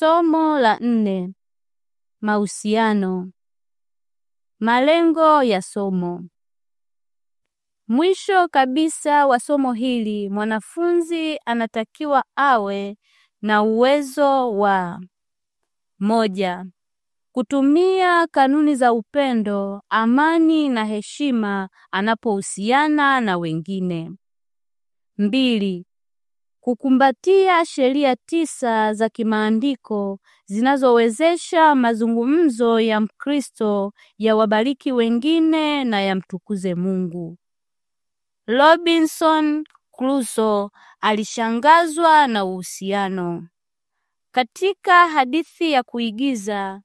Somo la nne: mahusiano. Malengo ya somo. Mwisho kabisa wa somo hili, mwanafunzi anatakiwa awe na uwezo wa moja, kutumia kanuni za upendo, amani na heshima anapohusiana na wengine; mbili, kukumbatia sheria tisa za kimaandiko zinazowezesha mazungumzo ya Mkristo ya wabariki wengine na yamtukuze Mungu. Robinson Crusoe alishangazwa na uhusiano. Katika hadithi ya kuigiza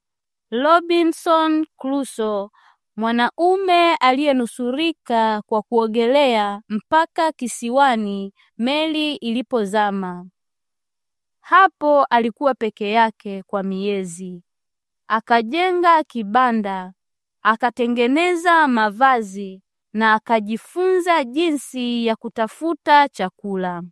Robinson Crusoe Mwanaume aliyenusurika kwa kuogelea mpaka kisiwani meli ilipozama. Hapo alikuwa peke yake kwa miezi. Akajenga kibanda, akatengeneza mavazi na akajifunza jinsi ya kutafuta chakula.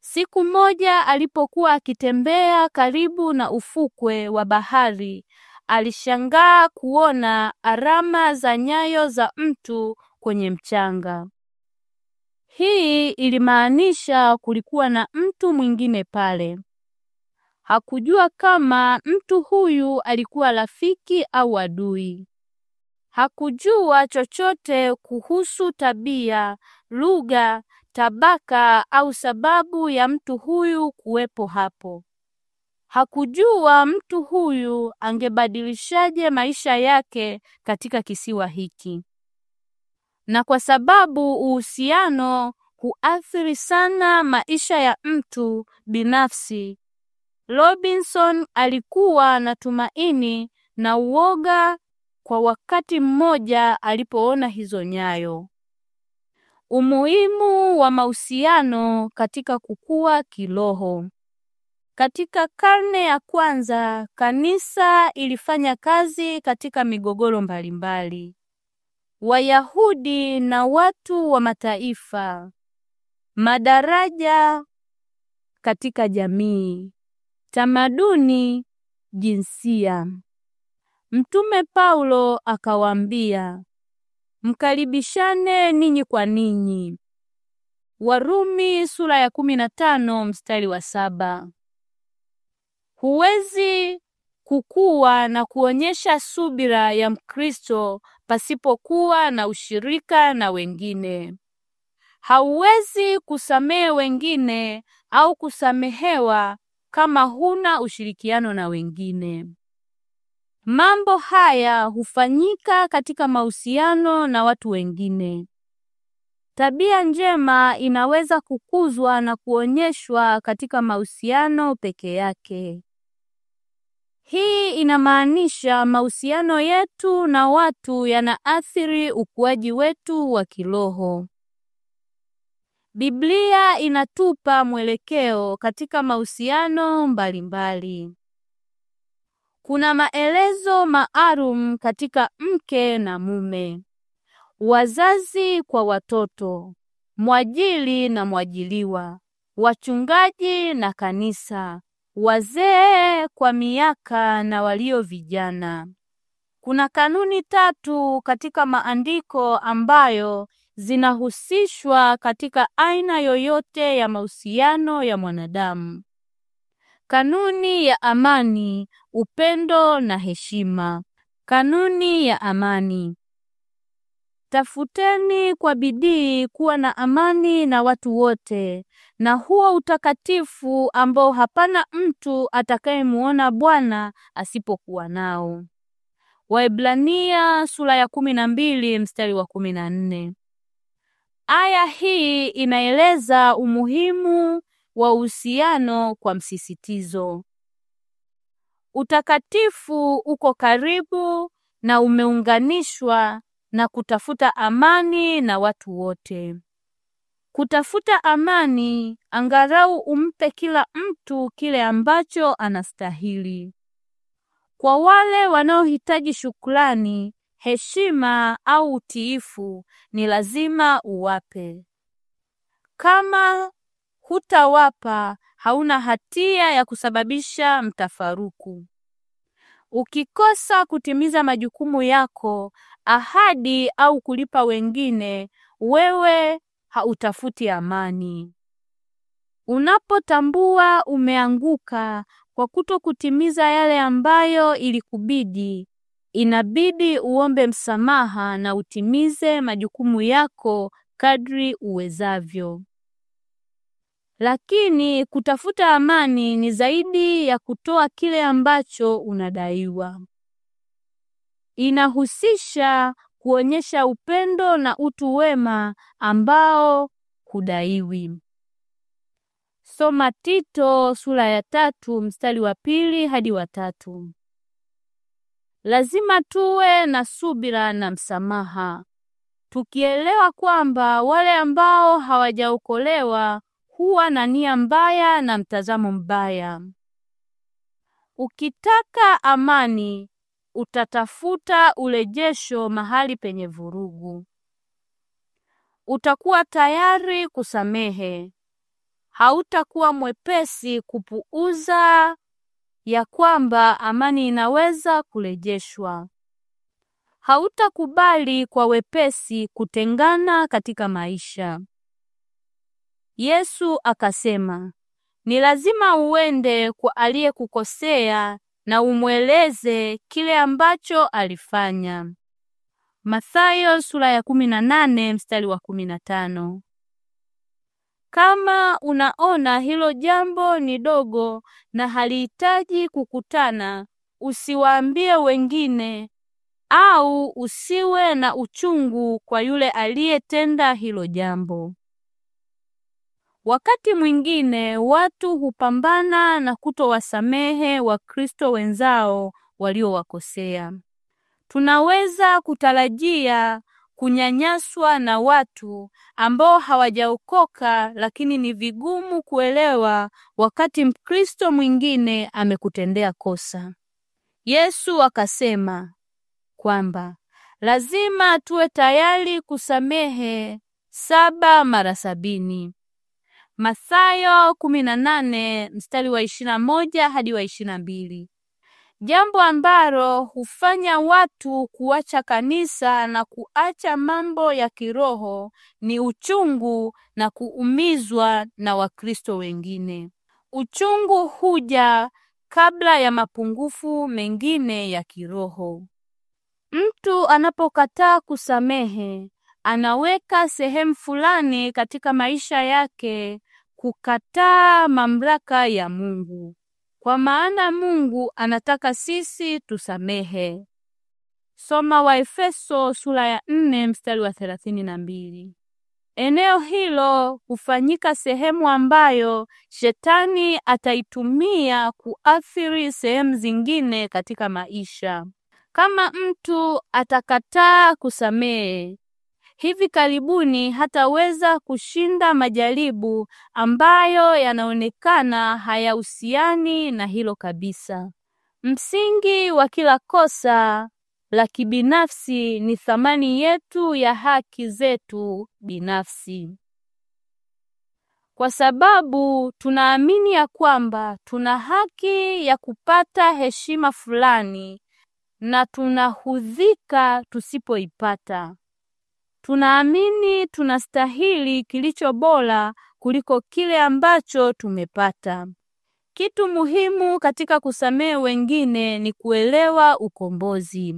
Siku moja alipokuwa akitembea karibu na ufukwe wa bahari, Alishangaa kuona alama za nyayo za mtu kwenye mchanga. Hii ilimaanisha kulikuwa na mtu mwingine pale. Hakujua kama mtu huyu alikuwa rafiki au adui. Hakujua chochote kuhusu tabia, lugha, tabaka au sababu ya mtu huyu kuwepo hapo. Hakujua mtu huyu angebadilishaje maisha yake katika kisiwa hiki, na kwa sababu uhusiano huathiri sana maisha ya mtu binafsi, Robinson alikuwa na tumaini na uoga kwa wakati mmoja alipoona hizo nyayo. Umuhimu wa mahusiano katika kukua kiroho. Katika karne ya kwanza kanisa ilifanya kazi katika migogoro mbalimbali. Wayahudi na watu wa mataifa, madaraja katika jamii, tamaduni, jinsia. Mtume Paulo akawaambia, mkaribishane ninyi kwa ninyi. Warumi sura ya 15 mstari wa saba. Huwezi kukua na kuonyesha subira ya Mkristo pasipokuwa na ushirika na wengine. Hauwezi kusamehe wengine au kusamehewa kama huna ushirikiano na wengine. Mambo haya hufanyika katika mahusiano na watu wengine. Tabia njema inaweza kukuzwa na kuonyeshwa katika mahusiano peke yake. Hii inamaanisha mahusiano yetu na watu yanaathiri ukuaji wetu wa kiroho. Biblia inatupa mwelekeo katika mahusiano mbalimbali. Kuna maelezo maalum katika mke na mume, wazazi kwa watoto, mwajili na mwajiliwa wachungaji na kanisa, wazee kwa miaka na walio vijana. Kuna kanuni tatu katika maandiko ambayo zinahusishwa katika aina yoyote ya mahusiano ya mwanadamu. Kanuni ya amani, upendo na heshima. Kanuni ya amani. Tafuteni kwa bidii kuwa na amani na watu wote na huo utakatifu ambao hapana mtu atakayemuona Bwana asipokuwa nao. Waebrania sura ya kumi na mbili mstari wa kumi na nne. Aya hii inaeleza umuhimu wa uhusiano kwa msisitizo. Utakatifu uko karibu na umeunganishwa na kutafuta amani na watu wote. Kutafuta amani, angalau umpe kila mtu kile ambacho anastahili. Kwa wale wanaohitaji shukrani, heshima au utiifu, ni lazima uwape. Kama hutawapa, hauna hatia ya kusababisha mtafaruku. Ukikosa kutimiza majukumu yako, ahadi au kulipa wengine, wewe hautafuti amani. Unapotambua umeanguka kwa kuto kutimiza yale ambayo ilikubidi, inabidi uombe msamaha na utimize majukumu yako kadri uwezavyo. Lakini kutafuta amani ni zaidi ya kutoa kile ambacho unadaiwa. Inahusisha kuonyesha upendo na utu wema ambao hudaiwi. Soma Tito sura ya tatu mstari wa pili hadi wa tatu. Lazima tuwe na subira na msamaha, tukielewa kwamba wale ambao hawajaokolewa huwa na nia mbaya na mtazamo mbaya. Ukitaka amani, utatafuta urejesho mahali penye vurugu. Utakuwa tayari kusamehe, hautakuwa mwepesi kupuuza ya kwamba amani inaweza kurejeshwa. Hautakubali kwa wepesi kutengana katika maisha. Yesu akasema, ni lazima uende kwa aliyekukosea na umweleze kile ambacho alifanya. Mathayo sura ya 18 mstari wa 15. Kama unaona hilo jambo ni dogo na halihitaji kukutana, usiwaambie wengine au usiwe na uchungu kwa yule aliyetenda hilo jambo. Wakati mwingine watu hupambana na kutowasamehe Wakristo wenzao waliowakosea. Tunaweza kutarajia kunyanyaswa na watu ambao hawajaokoka, lakini ni vigumu kuelewa wakati Mkristo mwingine amekutendea kosa. Yesu akasema kwamba lazima tuwe tayari kusamehe saba mara sabini. Mathayo 18 mstari wa moja hadi wa mbili jambo ambalo hufanya watu kuacha kanisa na kuacha mambo ya kiroho ni uchungu na kuumizwa na Wakristo wengine. Uchungu huja kabla ya mapungufu mengine ya kiroho. Mtu anapokataa kusamehe, anaweka sehemu fulani katika maisha yake kukataa mamlaka ya Mungu, kwa maana Mungu anataka sisi tusamehe. Soma Waefeso sura ya nne mstari wa thelathini na mbili. Eneo hilo hufanyika sehemu ambayo shetani ataitumia kuathiri sehemu zingine katika maisha. Kama mtu atakataa kusamehe, hivi karibuni hataweza kushinda majaribu ambayo yanaonekana hayahusiani na hilo kabisa. Msingi wa kila kosa la kibinafsi ni thamani yetu ya haki zetu binafsi. Kwa sababu tunaamini ya kwamba tuna haki ya kupata heshima fulani na tunahudhika tusipoipata tunaamini tunastahili kilicho bora kuliko kile ambacho tumepata. Kitu muhimu katika kusamehe wengine ni kuelewa ukombozi.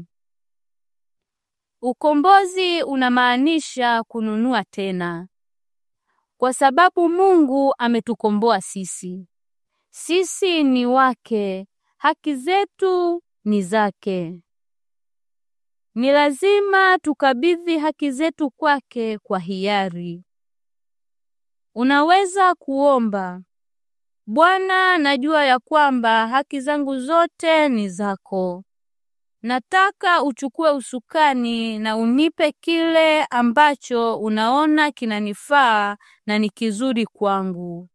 Ukombozi unamaanisha kununua tena, kwa sababu Mungu ametukomboa sisi. Sisi ni wake, haki zetu ni zake ni lazima tukabidhi haki zetu kwake kwa hiari. Unaweza kuomba, Bwana, najua ya kwamba haki zangu zote ni zako. Nataka uchukue usukani na unipe kile ambacho unaona kinanifaa na ni kizuri kwangu.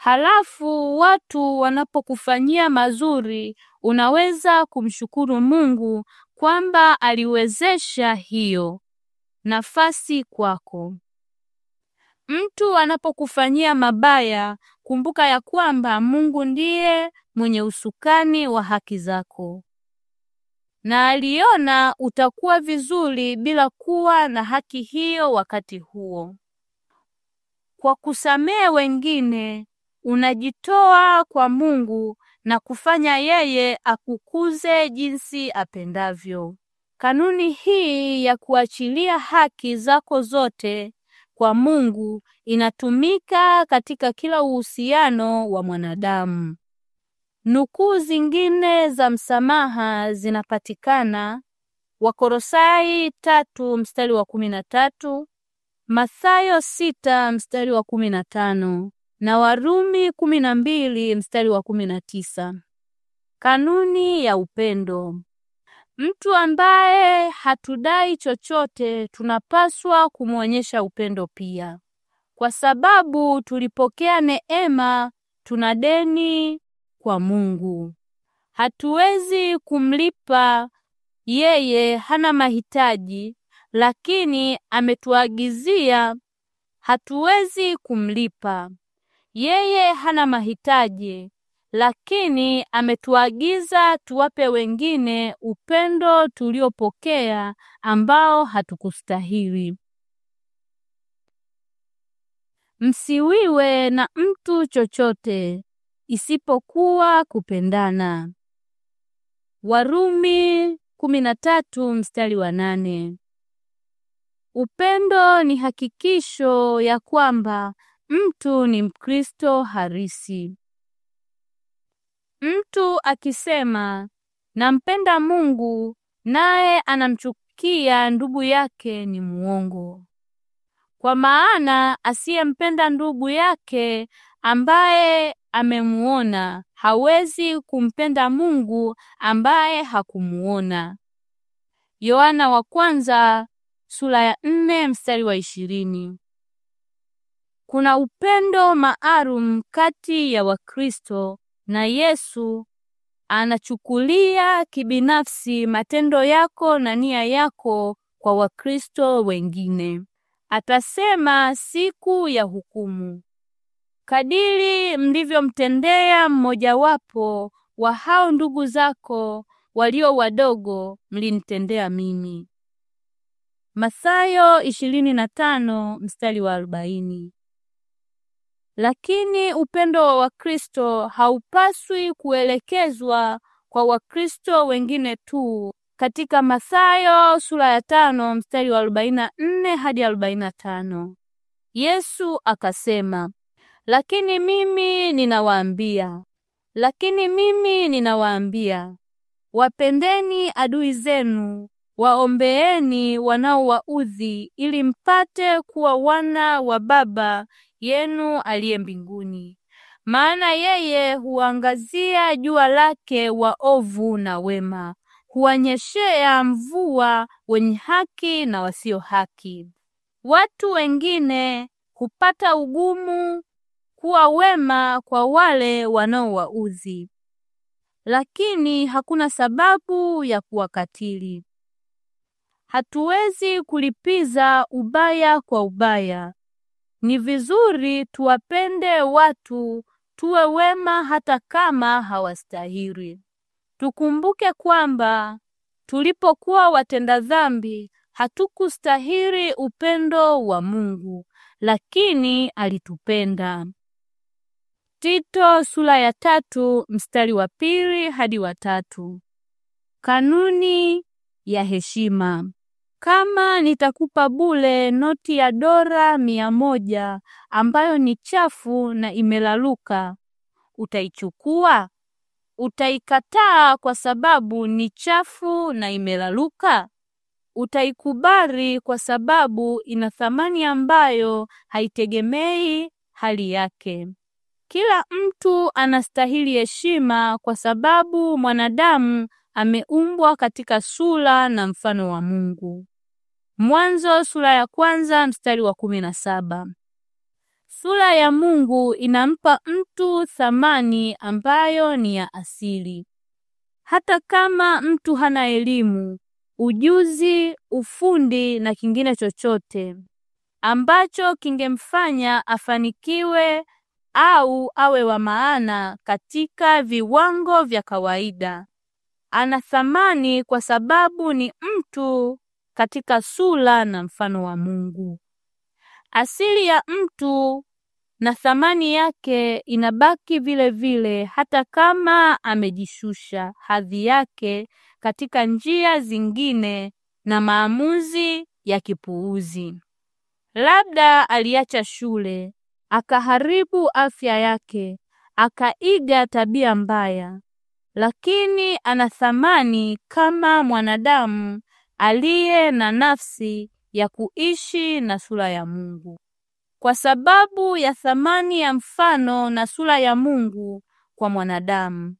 Halafu watu wanapokufanyia mazuri, unaweza kumshukuru Mungu kwamba aliwezesha hiyo nafasi kwako. Mtu anapokufanyia mabaya, kumbuka ya kwamba Mungu ndiye mwenye usukani wa haki zako. Na aliona utakuwa vizuri bila kuwa na haki hiyo wakati huo. Kwa kusamehe wengine unajitoa kwa Mungu na kufanya yeye akukuze jinsi apendavyo. Kanuni hii ya kuachilia haki zako zote kwa Mungu inatumika katika kila uhusiano wa mwanadamu. Nukuu zingine za msamaha zinapatikana Wakorosai tatu mstari wa kumi na tatu, Mathayo sita mstari wa kumi na tano na Warumi 12 mstari wa tisa. Kanuni ya upendo. Mtu ambaye hatudai chochote tunapaswa kumwonyesha upendo pia, kwa sababu tulipokea neema, tuna deni kwa Mungu. Hatuwezi kumlipa yeye, hana mahitaji, lakini ametuagizia hatuwezi kumlipa. Yeye hana mahitaji, lakini ametuagiza tuwape wengine upendo tuliopokea ambao hatukustahili. Msiwiwe na mtu chochote isipokuwa kupendana. Warumi 13 mstari wa nane. Upendo ni hakikisho ya kwamba Mtu ni Mkristo harisi. Mtu akisema nampenda Mungu naye anamchukia ndugu yake ni muongo. Kwa maana asiyempenda ndugu yake ambaye amemuona hawezi kumpenda Mungu ambaye hakumuona. Yohana wa kwanza sura ya nne mstari wa ishirini. Kuna upendo maalum kati ya Wakristo na Yesu anachukulia kibinafsi matendo yako na nia yako kwa Wakristo wengine. Atasema siku ya hukumu, kadiri mlivyomtendea mmojawapo wa hao ndugu zako walio wadogo, mlinitendea mimi. Mathayo 25 mstari wa 40. Lakini upendo wa Kristo haupaswi kuelekezwa kwa Wakristo wengine tu. Katika Mathayo sura ya tano mstari wa nne hadi tano Yesu akasema, lakini mimi ninawaambia, lakini mimi ninawaambia, wapendeni adui zenu, waombeeni wanaowaudhi, ili mpate kuwa wana wa Baba yenu aliye mbinguni, maana yeye huangazia jua lake waovu na wema, huwanyeshea mvua wenye haki na wasio haki. Watu wengine hupata ugumu kuwa wema kwa wale wanaowauzi, lakini hakuna sababu ya kuwakatili. Hatuwezi kulipiza ubaya kwa ubaya, ni vizuri tuwapende watu, tuwe wema hata kama hawastahili. Tukumbuke kwamba tulipokuwa watenda dhambi hatukustahili upendo wa Mungu, lakini alitupenda. Tito sura ya tatu mstari wa pili hadi wa tatu. Kanuni ya heshima kama nitakupa bule noti ya dola mia moja ambayo ni chafu na imelaluka, utaichukua? Utaikataa kwa sababu ni chafu na imelaluka? Utaikubali kwa sababu ina thamani ambayo haitegemei hali yake. Kila mtu anastahili heshima kwa sababu mwanadamu ameumbwa katika sura na mfano wa Mungu. Mwanzo sura ya kwanza mstari wa kumi na saba. Sura ya Mungu inampa mtu thamani ambayo ni ya asili. Hata kama mtu hana elimu, ujuzi, ufundi na kingine chochote ambacho kingemfanya afanikiwe au awe wa maana katika viwango vya kawaida, ana thamani kwa sababu ni mtu katika sura na mfano wa Mungu. Asili ya mtu na thamani yake inabaki vile vile hata kama amejishusha hadhi yake katika njia zingine na maamuzi ya kipuuzi. Labda aliacha shule, akaharibu afya yake, akaiga tabia mbaya, lakini ana thamani kama mwanadamu aliye na nafsi ya kuishi na sura ya Mungu. Kwa sababu ya thamani ya mfano na sura ya Mungu kwa mwanadamu,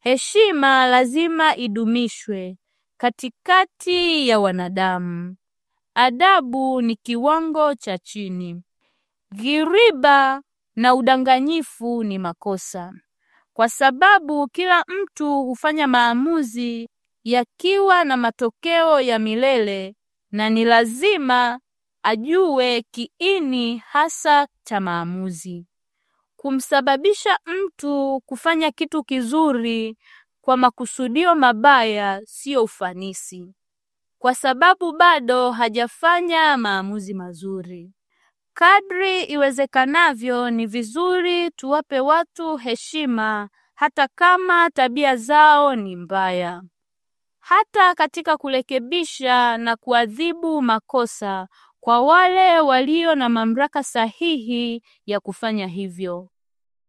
heshima lazima idumishwe katikati ya wanadamu. Adabu ni kiwango cha chini. Ghiriba na udanganyifu ni makosa kwa sababu kila mtu hufanya maamuzi yakiwa na matokeo ya milele na ni lazima ajue kiini hasa cha maamuzi. Kumsababisha mtu kufanya kitu kizuri kwa makusudio mabaya siyo ufanisi, kwa sababu bado hajafanya maamuzi mazuri. Kadri iwezekanavyo ni vizuri tuwape watu heshima hata kama tabia zao ni mbaya. Hata katika kurekebisha na kuadhibu makosa kwa wale walio na mamlaka sahihi ya kufanya hivyo.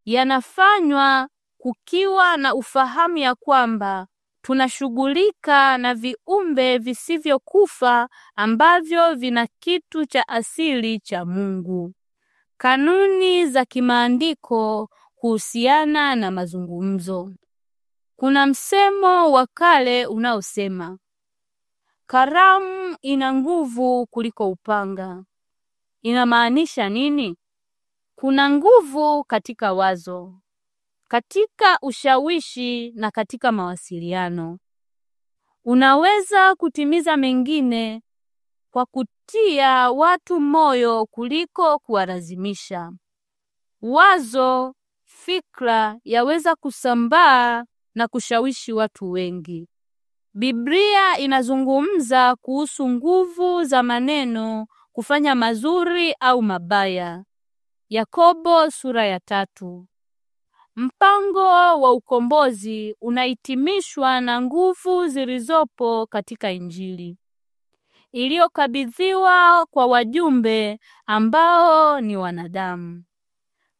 Yanafanywa kukiwa na ufahamu ya kwamba tunashughulika na viumbe visivyokufa ambavyo vina kitu cha asili cha Mungu. Kanuni za kimaandiko kuhusiana na mazungumzo. Kuna msemo wa kale unaosema karamu ina nguvu kuliko upanga. Inamaanisha nini? Kuna nguvu katika wazo katika ushawishi na katika mawasiliano. Unaweza kutimiza mengine kwa kutia watu moyo kuliko kuwalazimisha. Wazo, fikra yaweza kusambaa na kushawishi watu wengi. Biblia inazungumza kuhusu nguvu za maneno kufanya mazuri au mabaya. Yakobo sura ya tatu. Mpango wa ukombozi unahitimishwa na nguvu zilizopo katika Injili iliyokabidhiwa kwa wajumbe ambao ni wanadamu.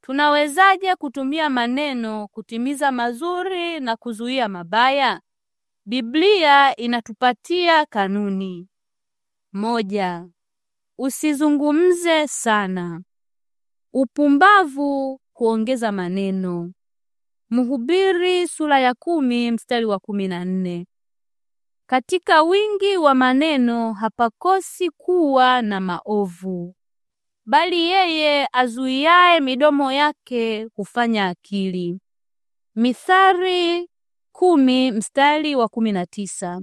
Tunawezaje kutumia maneno kutimiza mazuri na kuzuia mabaya? Biblia inatupatia kanuni. Moja, usizungumze sana. Upumbavu kuongeza maneno. Mhubiri sura ya kumi mstari wa kumi na nne. Katika wingi wa maneno hapakosi kuwa na maovu, bali yeye azuiaye midomo yake hufanya akili. Mithali kumi mstari wa kumi na tisa.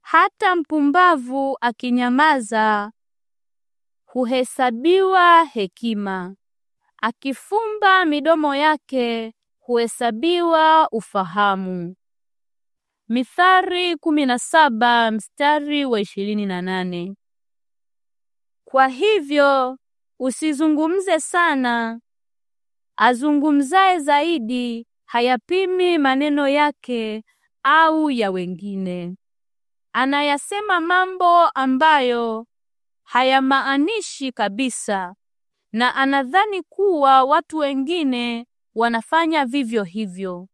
Hata mpumbavu akinyamaza huhesabiwa hekima. Akifumba midomo yake huhesabiwa ufahamu. Mithali 17 mstari wa na nane. Kwa hivyo usizungumze sana, azungumzaye zaidi hayapimi maneno yake au ya wengine. Anayasema mambo ambayo hayamaanishi kabisa, na anadhani kuwa watu wengine wanafanya vivyo hivyo.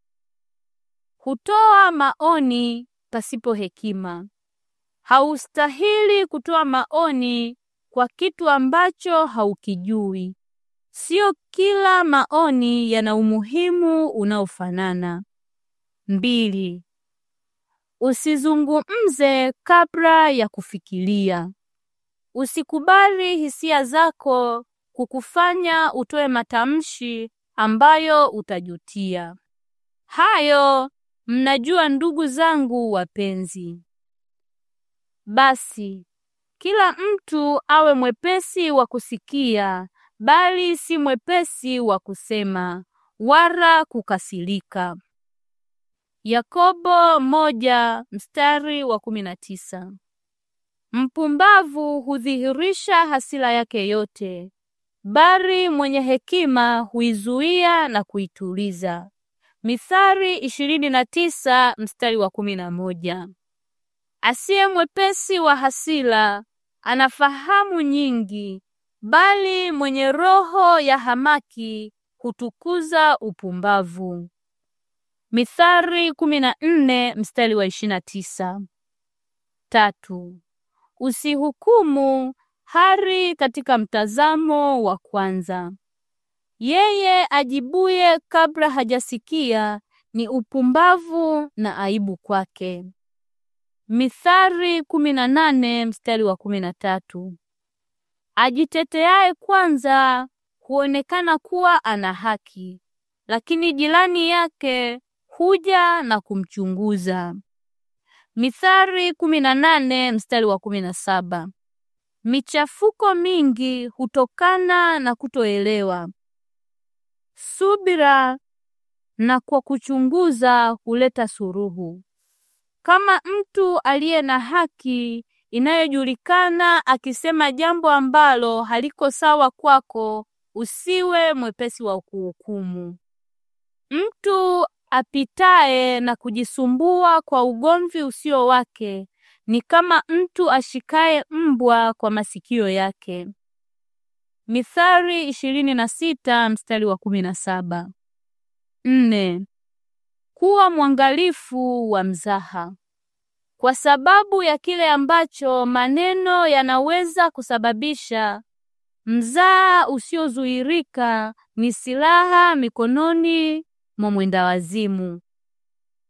Hutoa maoni pasipo hekima. Haustahili kutoa maoni kwa kitu ambacho haukijui. Sio kila maoni yana umuhimu unaofanana. Mbili, usizungumze kabla ya kufikiria. Usikubali hisia zako kukufanya utoe matamshi ambayo utajutia. Hayo mnajua, ndugu zangu wapenzi. Basi kila mtu awe mwepesi wa kusikia, bali si mwepesi wa kusema wala kukasirika. Yakobo moja mstari wa kumi na tisa. Mpumbavu hudhihirisha hasira yake yote, bali mwenye hekima huizuia na kuituliza. Mithali ishirini tisa mstari wa kumi na moja. Asiye mwepesi wa hasira anafahamu nyingi, bali mwenye roho ya hamaki hutukuza upumbavu. Mithali kumi nne mstari wa ishirini tisa. Tatu, usihukumu Hari katika mtazamo wa kwanza. Yeye ajibuye kabla hajasikia ni upumbavu na aibu kwake. Mithali 18 mstari wa 13. Ajiteteaye kwanza huonekana kuwa ana haki, lakini jirani yake huja na kumchunguza. Mithali 18 mstari wa Michafuko mingi hutokana na kutoelewa. Subira na kwa kuchunguza huleta suruhu. Kama mtu aliye na haki inayojulikana akisema jambo ambalo haliko sawa kwako, usiwe mwepesi wa kuhukumu. Mtu apitaye na kujisumbua kwa ugomvi usio wake ni kama mtu ashikaye mbwa kwa masikio yake. Mithali 26 mstari wa 17. na Nne, kuwa mwangalifu wa mzaha kwa sababu ya kile ambacho maneno yanaweza kusababisha. Mzaha usiozuirika ni silaha mikononi mwa mwendawazimu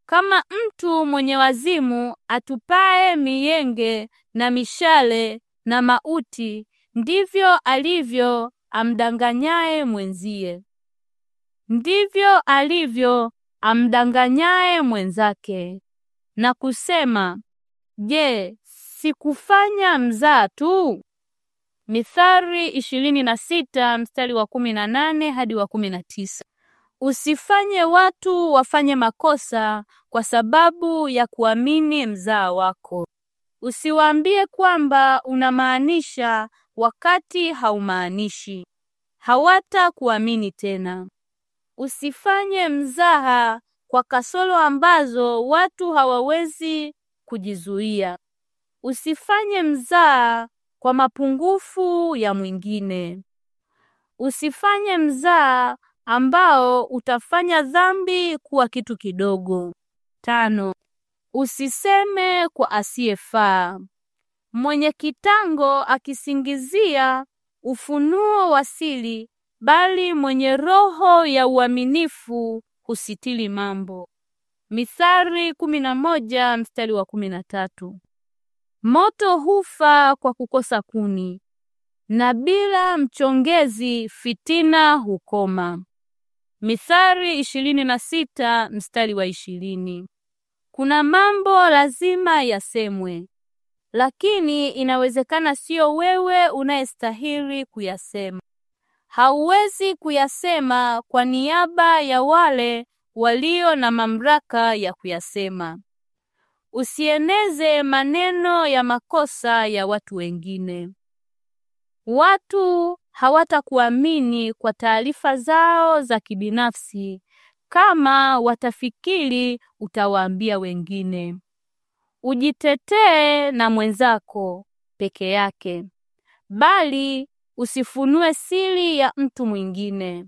kama mtu mwenye wazimu atupaye miyenge na mishale na mauti, ndivyo alivyo amdanganyaye mwenziye, ndivyo alivyo amdanganyaye mwenzake na kusema, Je, sikufanya mzaa tu? Mithali 26 mstari wa 18 hadi wa Usifanye watu wafanye makosa kwa sababu ya kuamini mzaa wako. Usiwaambie kwamba unamaanisha wakati haumaanishi. hawata kuamini tena. Usifanye mzaha kwa kasoro ambazo watu hawawezi kujizuia. Usifanye mzaha kwa mapungufu ya mwingine. Usifanye mzaha ambao utafanya dhambi kuwa kitu kidogo. Tano, usiseme kwa asiyefaa. Mwenye kitango akisingizia ufunuo wa siri, bali mwenye roho ya uaminifu husitili mambo. Mithali 11 mstari wa tatu. Moto hufa kwa kukosa kuni, na bila mchongezi fitina hukoma. Mithali ishirini na sita mstari wa ishirini. Kuna mambo lazima yasemwe, lakini inawezekana sio wewe unayestahili kuyasema. Hauwezi kuyasema kwa niaba ya wale walio na mamlaka ya kuyasema. Usieneze maneno ya makosa ya watu wengine. Watu hawatakuamini kwa taarifa zao za kibinafsi kama watafikiri utawaambia wengine. Ujitetee na mwenzako peke yake, bali usifunue siri ya mtu mwingine.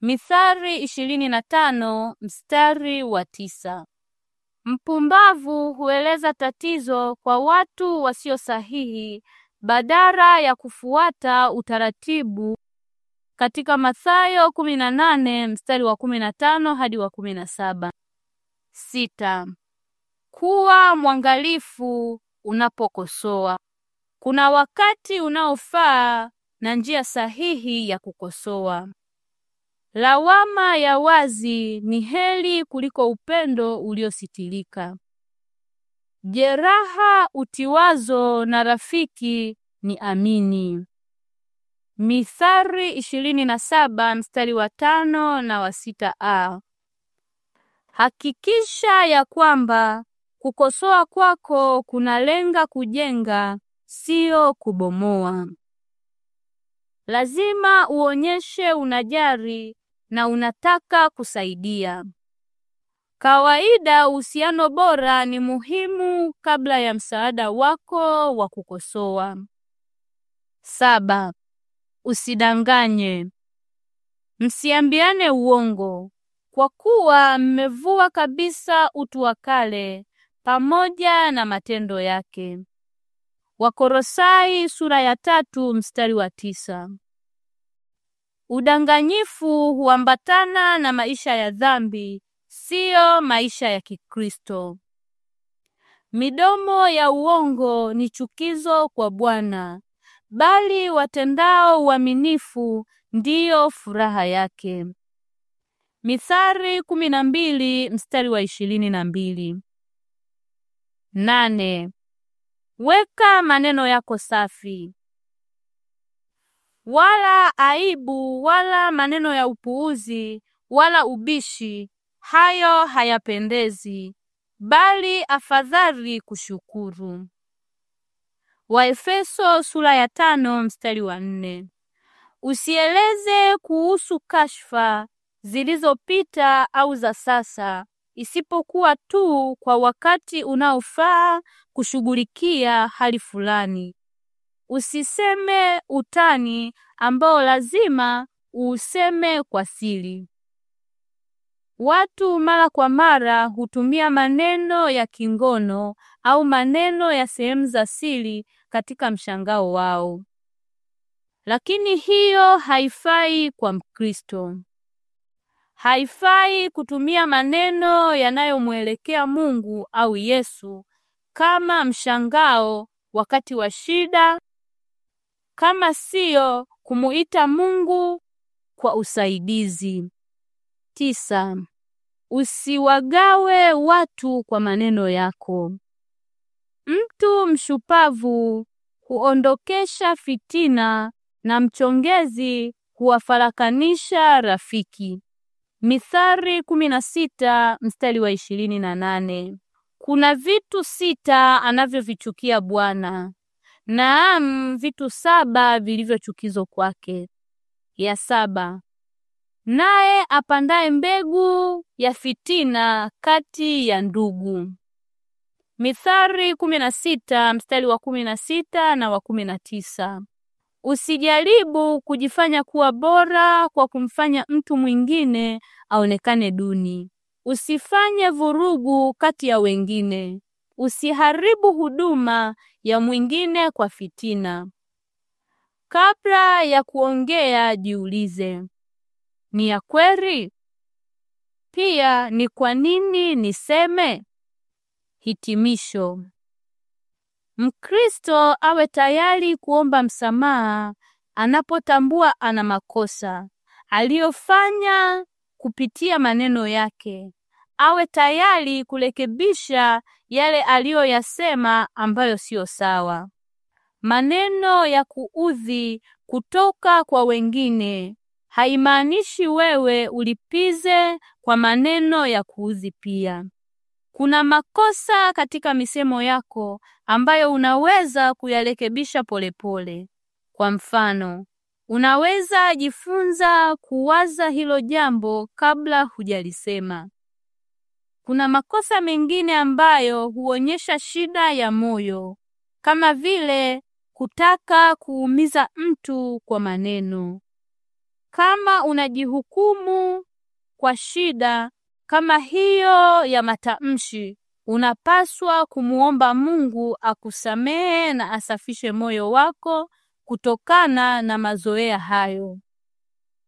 Mithali 25 mstari wa tisa. Mpumbavu hueleza tatizo kwa watu wasio sahihi badala ya kufuata utaratibu katika Mathayo 18 mstari wa 15 hadi wa 17 Sita, kuwa mwangalifu unapokosoa. Kuna wakati unaofaa na njia sahihi ya kukosoa. Lawama ya wazi ni heri kuliko upendo uliositirika. Jeraha utiwazo na rafiki ni amini. mithari 27 mstari wa tano na wa sita a. Hakikisha ya kwamba kukosoa kwako kunalenga kujenga, sio kubomoa. Lazima uonyeshe unajari na unataka kusaidia. Kawaida uhusiano bora ni muhimu kabla ya msaada wako wa kukosoa. Saba, usidanganye. Msiambiane uongo kwa kuwa mmevua kabisa utu wa kale pamoja na matendo yake. Wakorosai sura ya tatu mstari wa tisa. Udanganyifu huambatana na maisha ya dhambi siyo maisha ya Kikristo. Midomo ya uongo ni chukizo kwa Bwana, bali watendao uaminifu ndiyo furaha yake. Mithali 12 mstari wa mbili. Nane. Weka maneno yako safi, wala aibu wala maneno ya upuuzi wala ubishi hayo hayapendezi, bali afadhali kushukuru. Waefeso sura ya tano mstari wa nne. Usieleze kuhusu kashfa zilizopita au za sasa, isipokuwa tu kwa wakati unaofaa kushughulikia hali fulani. Usiseme utani ambao lazima uuseme kwa siri. Watu mara kwa mara hutumia maneno ya kingono au maneno ya sehemu za siri katika mshangao wao, lakini hiyo haifai kwa Mkristo. Haifai kutumia maneno yanayomwelekea Mungu au Yesu kama mshangao wakati wa shida, kama siyo kumuita Mungu kwa usaidizi tisa. Usiwagawe watu kwa maneno yako. Mtu mshupavu huondokesha fitina na mchongezi huwafarakanisha rafiki. Mithali 16 mstari wa na nane. Kuna vitu sita anavyovichukia Bwana, naam vitu saba vilivyochukizwa kwake. Ya saba, naye apandaye mbegu ya fitina kati ya ndugu. Mithali 16 mstari wa 16 na wa 19. Usijaribu kujifanya kuwa bora kwa kumfanya mtu mwingine aonekane duni. Usifanye vurugu kati ya wengine. Usiharibu huduma ya mwingine kwa fitina. Kabla ya kuongea, jiulize ni ya kweli? Pia ni kwa nini niseme? Hitimisho. Mkristo awe tayari kuomba msamaha anapotambua ana makosa aliyofanya kupitia maneno yake. Awe tayari kurekebisha yale aliyoyasema ambayo siyo sawa. Maneno ya kuudhi kutoka kwa wengine haimaanishi wewe ulipize kwa maneno ya pia Kuna makosa katika misemo yako ambayo unaweza kuyarekebisha polepole. Kwa mfano, unaweza jifunza kuwaza hilo jambo kabla hujalisema. Kuna makosa mengine ambayo huonyesha shida ya moyo kama vile kutaka kuumiza mtu kwa maneno. Kama unajihukumu kwa shida kama hiyo ya matamshi, unapaswa kumwomba Mungu akusamehe na asafishe moyo wako kutokana na mazoea hayo.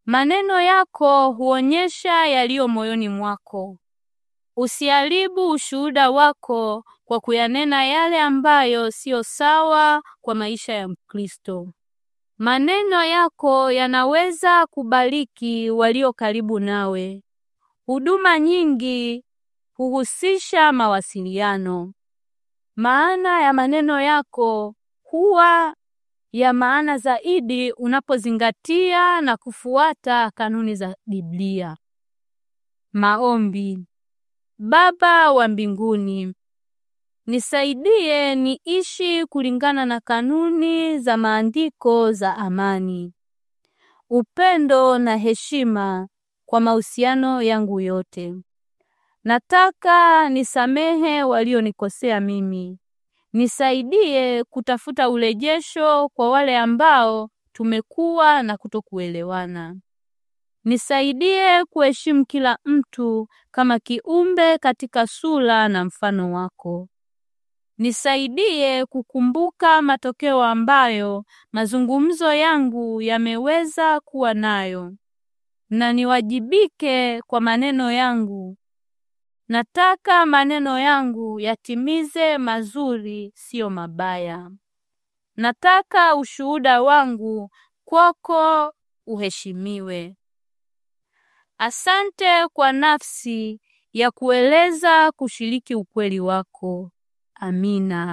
Maneno yako huonyesha yaliyo moyoni mwako. Usiharibu ushuhuda wako kwa kuyanena yale ambayo siyo sawa kwa maisha ya Mkristo. Maneno yako yanaweza kubariki walio karibu nawe. Huduma nyingi huhusisha mawasiliano. Maana ya maneno yako huwa ya maana zaidi unapozingatia na kufuata kanuni za Biblia. Maombi. Baba wa mbinguni, Nisaidie niishi kulingana na kanuni za maandiko za amani, upendo na heshima kwa mahusiano yangu yote. Nataka nisamehe walionikosea mimi. Nisaidie kutafuta urejesho kwa wale ambao tumekuwa na kutokuelewana. Nisaidie kuheshimu kila mtu kama kiumbe katika sura na mfano wako. Nisaidie kukumbuka matokeo ambayo mazungumzo yangu yameweza kuwa nayo na niwajibike kwa maneno yangu. Nataka maneno yangu yatimize mazuri, siyo mabaya. Nataka ushuhuda wangu kwako uheshimiwe. Asante kwa nafsi ya kueleza kushiriki ukweli wako. amina